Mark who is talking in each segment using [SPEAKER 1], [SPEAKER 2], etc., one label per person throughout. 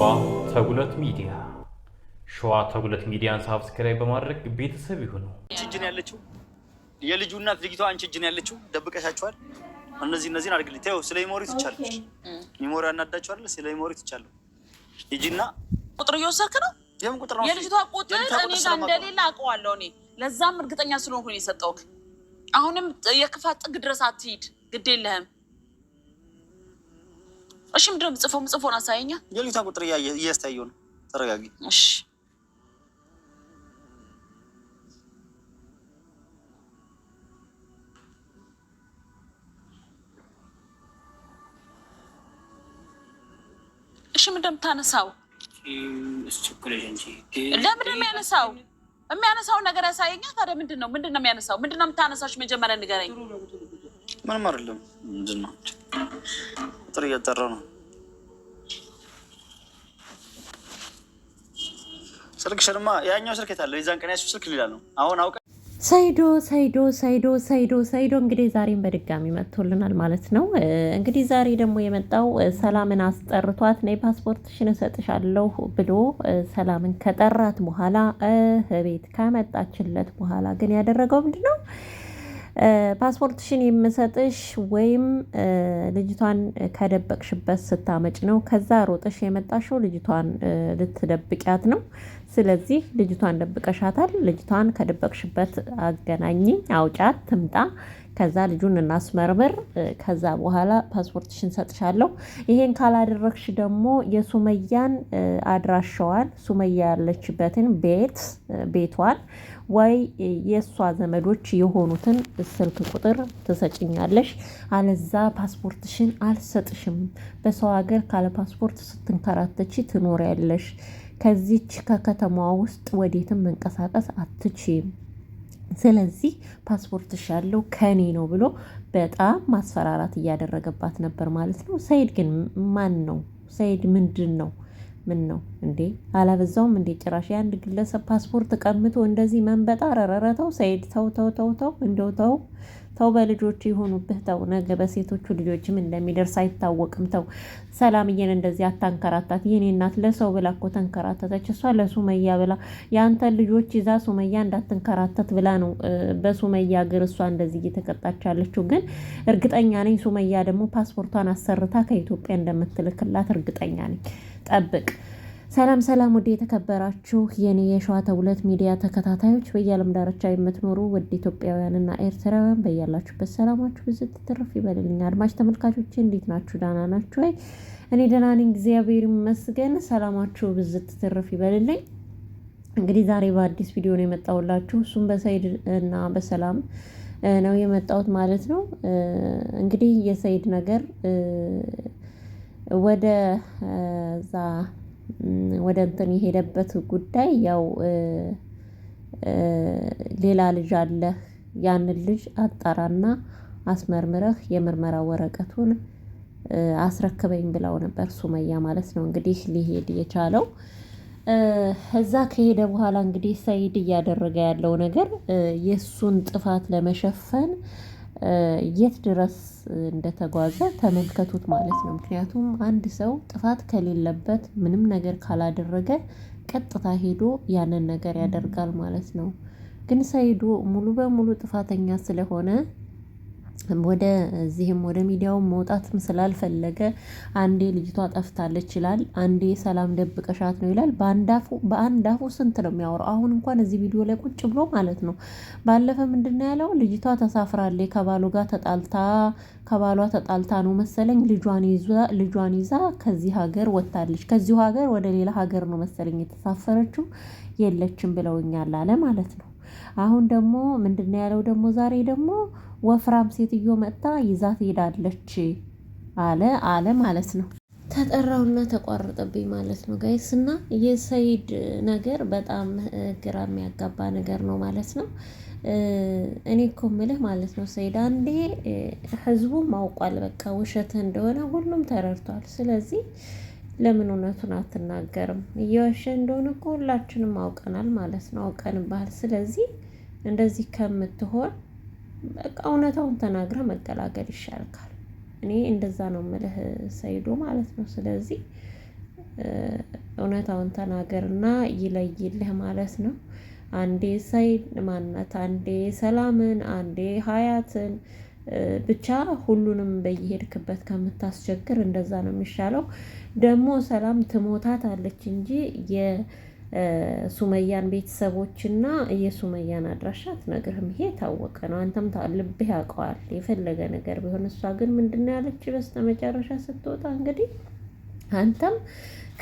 [SPEAKER 1] አባ ተጉለት ሚዲያ ሸዋ ተጉለት ሚዲያን ሳብስክራይብ በማድረግ ቤተሰብ ይሁኑ።
[SPEAKER 2] አንቺ እጅ ነው ያለችው፣ የልጁ እናት ልጅቷ አንቺ እጅ ነው ያለችው። ደብቀሻቸዋል። እነዚህ እነዚህን አድርግልኝ። ተይው፣ ስለ ሜሞሪ ትቻለሽ። ሚሞሪ ያናዳቸው አለ። ስለ ሜሞሪ ትቻለሁ። ሂጂና
[SPEAKER 3] ቁጥር እየወሰድክ ነው። የምን ቁጥር ነው? የልጅቷ ቁጥር እኔ ጋር እንደሌለ አውቀዋለሁ እኔ። ለዛም እርግጠኛ ስለሆንኩ ነው የሰጠውክ። አሁንም የክፋት ጥግ ድረስ አትሂድ፣ ግድ የለህም እሺ፣ ምንድን ነው የምጽፈው? ምጽፎን አሳየኛ።
[SPEAKER 2] የልጅቷን ቁጥር እያስታየው ነው። ተረጋጊ።
[SPEAKER 3] እሺ እሺ፣ ምንድን የምታነሳው? ለምንድን ነው የሚያነሳው? የሚያነሳውን ነገር ያሳየኛ። ታዲያ ምንድን ነው ምንድን ነው የሚያነሳው? ምንድን ነው የምታነሳሽ? መጀመሪያ ንገረኝ።
[SPEAKER 2] ምንም አይደለም። ምንድን ነው ቁጥር ነው። ስልክ ሽርማ ያኛው ስልክ የታለ? የዛን ቀን ያሱ ስልክ ሌላ ነው። አሁን አውቀ
[SPEAKER 4] ሰይዶ ሰይዶ ሰይዶ ሰይዶ ሰይዶ እንግዲህ ዛሬም በድጋሚ መጥቶልናል ማለት ነው። እንግዲህ ዛሬ ደግሞ የመጣው ሰላምን አስጠርቷት ነይ ፓስፖርትሽን እሰጥሻለሁ ብሎ ሰላምን ከጠራት በኋላ ቤት ከመጣችለት በኋላ ግን ያደረገው ምንድን ነው? ፓስፖርትሽን የምሰጥሽ ወይም ልጅቷን ከደበቅሽበት ስታመጭ ነው። ከዛ ሮጠሽ የመጣሽው ልጅቷን ልትደብቂያት ነው። ስለዚህ ልጅቷን ደብቀሻታል። ልጅቷን ከደበቅሽበት አገናኝኝ፣ አውጫት፣ ትምጣ። ከዛ ልጁን እናስመርምር። ከዛ በኋላ ፓስፖርትሽን ሰጥሻለሁ። ይሄን ካላደረግሽ ደግሞ የሱመያን አድራሻዋን፣ ሱመያ ያለችበትን ቤት ቤቷን ወይ የእሷ ዘመዶች የሆኑትን ስልክ ቁጥር ትሰጭኛለሽ። አለዛ ፓስፖርትሽን አልሰጥሽም። በሰው ሀገር ካለ ፓስፖርት ስትንከራተቺ ትኖሪያለሽ። ከዚች ከከተማዋ ውስጥ ወዴትም መንቀሳቀስ አትችም። ስለዚህ ፓስፖርትሽ ያለው ከኔ ነው ብሎ በጣም ማስፈራራት እያደረገባት ነበር ማለት ነው። ሰይድ ግን ማን ነው? ሰይድ ምንድን ነው? ምን ነው እንዴ? አላበዛውም እንዴ? ጭራሽ የአንድ ግለሰብ ፓስፖርት ቀምቶ እንደዚህ መንበጣ። ረረረ ተው ሰይድ፣ ተው ተው ተው ተው፣ እንደው ተው ተው፣ በልጆቹ የሆኑብህ ተው። ነገ በሴቶቹ ልጆችም እንደሚደርስ አይታወቅም። ተው ሰላምዬን እንደዚህ አታንከራታት። የኔ እናት ለሰው ብላ እኮ ተንከራተተች። እሷ ለሱመያ ብላ የአንተ ልጆች ይዛ ሱመያ እንዳትንከራተት ብላ ነው በሱመያ እግር እሷ እንደዚህ እየተቀጣች ያለችው። ግን እርግጠኛ ነኝ ሱመያ ደግሞ ፓስፖርቷን አሰርታ ከኢትዮጵያ እንደምትልክላት እርግጠኛ ነኝ። ጠብቅ። ሰላም ሰላም፣ ውድ የተከበራችሁ የኔ የሸዋ ተውለት ሚዲያ ተከታታዮች በየዓለም ዳርቻ የምትኖሩ ውድ ኢትዮጵያውያንና ኤርትራውያን በያላችሁበት ሰላማችሁ ብዙ ትትርፍ ይበልልኝ። አድማጭ ተመልካቾች እንዴት ናችሁ? ደህና ናችሁ ወይ? እኔ ደህና ነኝ፣ እግዚአብሔር ይመስገን። ሰላማችሁ ብዙ ትትርፍ ይበልልኝ። እንግዲህ ዛሬ በአዲስ ቪዲዮ ነው የመጣሁላችሁ። እሱም በሰይድ እና በሰላም ነው የመጣሁት ማለት ነው። እንግዲህ የሰይድ ነገር ወደ እዛ ወደ እንትን የሄደበት ጉዳይ ያው ሌላ ልጅ አለህ ያንን ልጅ አጣራና አስመርምረህ የምርመራ ወረቀቱን አስረክበኝ ብላው ነበር ሱመያ ማለት ነው። እንግዲህ ሊሄድ የቻለው እዛ ከሄደ በኋላ እንግዲህ ሰይድ እያደረገ ያለው ነገር የእሱን ጥፋት ለመሸፈን የት ድረስ እንደተጓዘ ተመልከቱት ማለት ነው። ምክንያቱም አንድ ሰው ጥፋት ከሌለበት ምንም ነገር ካላደረገ ቀጥታ ሄዶ ያንን ነገር ያደርጋል ማለት ነው። ግን ሰይዶ ሙሉ በሙሉ ጥፋተኛ ስለሆነ ወደ እዚህም ወደ ሚዲያው መውጣትም ስላልፈለገ አንዴ ልጅቷ ጠፍታለች ይላል፣ አንዴ ሰላም ደብቀሻት ነው ይላል። በአንድ አፉ ስንት ነው የሚያወራው? አሁን እንኳን እዚህ ቪዲዮ ላይ ቁጭ ብሎ ማለት ነው። ባለፈ ምንድን ያለው ልጅቷ ተሳፍራለች ከባሉ ጋር ተጣልታ ከባሏ ተጣልታ ነው መሰለኝ ልጇን ይዛ ከዚህ ሀገር ወጥታለች። ከዚሁ ሀገር ወደ ሌላ ሀገር ነው መሰለኝ የተሳፈረችው፣ የለችም ብለውኛል አለ ማለት ነው። አሁን ደግሞ ምንድነው ያለው ደግሞ ዛሬ ደግሞ ወፍራም ሴትዮ መጥታ ይዛ ትሄዳለች አለ አለ ማለት ነው። ተጠራውና ተቋረጠብኝ ማለት ነው ጋይስ። እና የሰይድ ነገር በጣም ግራ የሚያጋባ ነገር ነው ማለት ነው። እኔ እኮ ምልህ ማለት ነው ሰይድ አንዴ ህዝቡም አውቋል፣ በቃ ውሸት እንደሆነ ሁሉም ተረድቷል። ስለዚህ ለምን እውነቱን አትናገርም? እየዋሸ እንደሆነ እኮ ሁላችንም አውቀናል ማለት ነው፣ አውቀንብሃል። ስለዚህ እንደዚህ ከምትሆን በቃ እውነታውን ተናግረ መገላገል ይሻልካል። እኔ እንደዛ ነው የምልህ ሰይዶ ማለት ነው። ስለዚህ እውነታውን ተናገርና ይለይልህ ማለት ነው። አንዴ ሰይድ ማናት፣ አንዴ ሰላምን፣ አንዴ ሀያትን ብቻ ሁሉንም በየሄድክበት ከምታስቸግር እንደዛ ነው የሚሻለው። ደግሞ ሰላም ትሞታት አለች እንጂ የሱመያን ቤተሰቦችና የሱመያን አድራሻ አትነግርህም። ይሄ የታወቀ ነው። አንተም ልብህ ያውቀዋል። የፈለገ ነገር ቢሆን እሷ ግን ምንድነው ያለች በስተመጨረሻ ስትወጣ እንግዲህ አንተም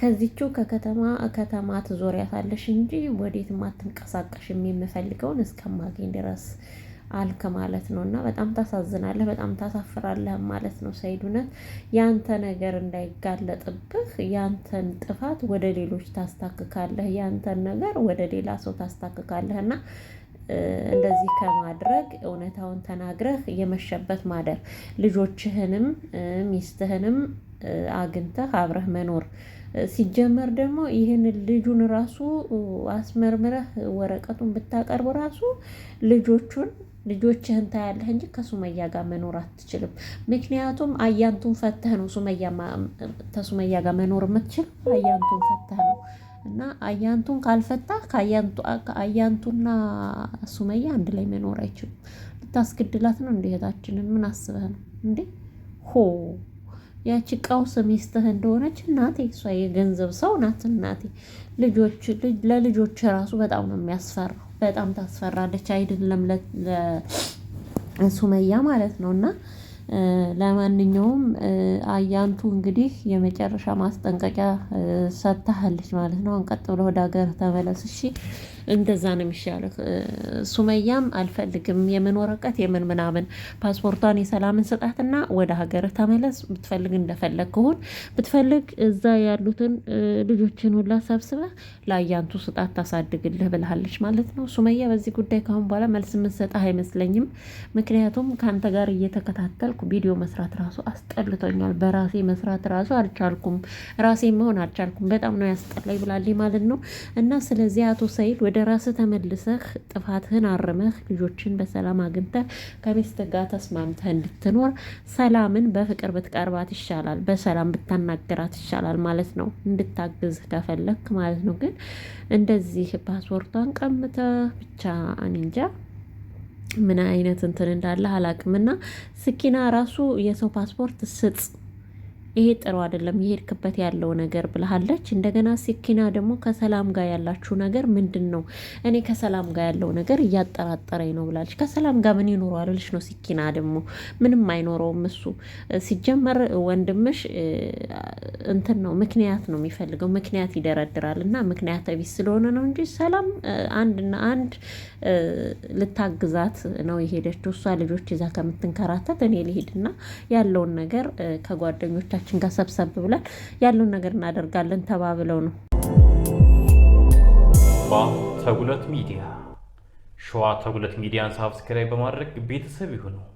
[SPEAKER 4] ከዚችው ከከተማ ከተማ ትዞሪያታለሽ እንጂ ወዴትም አትንቀሳቀሽም የምፈልገውን እስከማገኝ ድረስ አልክ ማለት ነው። እና በጣም ታሳዝናለህ፣ በጣም ታሳፍራለህ ማለት ነው። ሰኢድ ያንተ ነገር እንዳይጋለጥብህ ያንተን ጥፋት ወደ ሌሎች ታስታክካለህ፣ ያንተን ነገር ወደ ሌላ ሰው ታስታክካለህ እና እንደዚህ ከማድረግ እውነታውን ተናግረህ የመሸበት ማደር፣ ልጆችህንም ሚስትህንም አግኝተህ አብረህ መኖር ሲጀመር ደግሞ ይህን ልጁን ራሱ አስመርምረህ ወረቀቱን ብታቀርብ ራሱ ልጆቹን ልጆችህን ታያለህ እንጂ ከሱመያ ጋር መኖር አትችልም። ምክንያቱም አያንቱን ፈተህ ነው ሱመያ ተሱመያ ጋር መኖር የምትችል አያንቱን ፈተህ ነው። እና አያንቱን ካልፈታ አያንቱና ሱመያ አንድ ላይ መኖር አይችሉም። ልታስገድላት ነው እንደ እህታችንን ምን አስበህ ነው እንዴ? ሆ ያቺ ቀውስ ሚስትህ እንደሆነች እናቴ፣ እሷ የገንዘብ ሰው ናት እናቴ። ልጆች ለልጆች ራሱ በጣም ነው የሚያስፈራው። በጣም ታስፈራለች። አይደለም ለሱመያ ማለት ነው እና ለማንኛውም አያንቱ እንግዲህ የመጨረሻ ማስጠንቀቂያ ሰጥታሃለች ማለት ነው። አንቀጥ ብሎ ወደ ሀገር ተመለስ እሺ። እንደዛ ነው የሚሻለው። ሱመያም አልፈልግም የምን ወረቀት የምን ምናምን ፓስፖርቷን የሰላምን ስጣትና ወደ ሀገር ተመለስ። ብትፈልግ እንደፈለግ ክሁን ብትፈልግ እዛ ያሉትን ልጆችን ሁላ ሰብስበህ ለአያንቱ ስጣት ታሳድግልህ ብልሃለች ማለት ነው። ሱመያ በዚህ ጉዳይ ካሁን በኋላ መልስ የምንሰጥህ አይመስለኝም። ምክንያቱም ከአንተ ጋር እየተከታተልኩ ቪዲዮ መስራት ራሱ አስጠልቶኛል። በራሴ መስራት ራሱ አልቻልኩም። ራሴ መሆን አልቻልኩም። በጣም ነው ያስጠላኝ ብላለች ማለት ነው። እና ስለዚህ አቶ ሰይድ ወደ ራስህ ተመልሰህ ጥፋትህን አርመህ ልጆችን በሰላም አግኝተህ ከሚስት ጋር ተስማምተህ እንድትኖር ሰላምን በፍቅር ብትቀርባት ይሻላል፣ በሰላም ብታናገራት ይሻላል ማለት ነው። እንድታግዝህ ከፈለክ ማለት ነው። ግን እንደዚህ ፓስፖርቷን ቀምተህ ብቻ እንጃ ምን አይነት እንትን እንዳለ አላቅምና ስኪና ራሱ የሰው ፓስፖርት ስጥ ይሄ ጥሩ አይደለም የሄድክበት ያለው ነገር ብለሃለች። እንደገና ሲኪና ደግሞ ከሰላም ጋር ያላችሁ ነገር ምንድን ነው? እኔ ከሰላም ጋር ያለው ነገር እያጠራጠረኝ ነው ብላለች። ከሰላም ጋር ምን ይኖረዋል ልሽ ነው ሲኪና ደግሞ ምንም አይኖረውም። እሱ ሲጀመር ወንድምሽ እንትን ነው ምክንያት ነው የሚፈልገው ምክንያት ይደረድራል እና ምክንያት ቢስ ስለሆነ ነው እንጂ ሰላም አንድና አንድ ልታግዛት ነው የሄደችው። እሷ ልጆች ይዛ ከምትንከራተት እኔ ልሂድና ያለውን ነገር ከጓደኞቻችን ሁላችን ጋር ሰብሰብ ብለን ያለውን ነገር እናደርጋለን ተባብለው ነው። ተጉለት ሚዲያ ሸዋ ተጉለት ሚዲያን ሳብስክራይብ በማድረግ ቤተሰብ ይሁነው።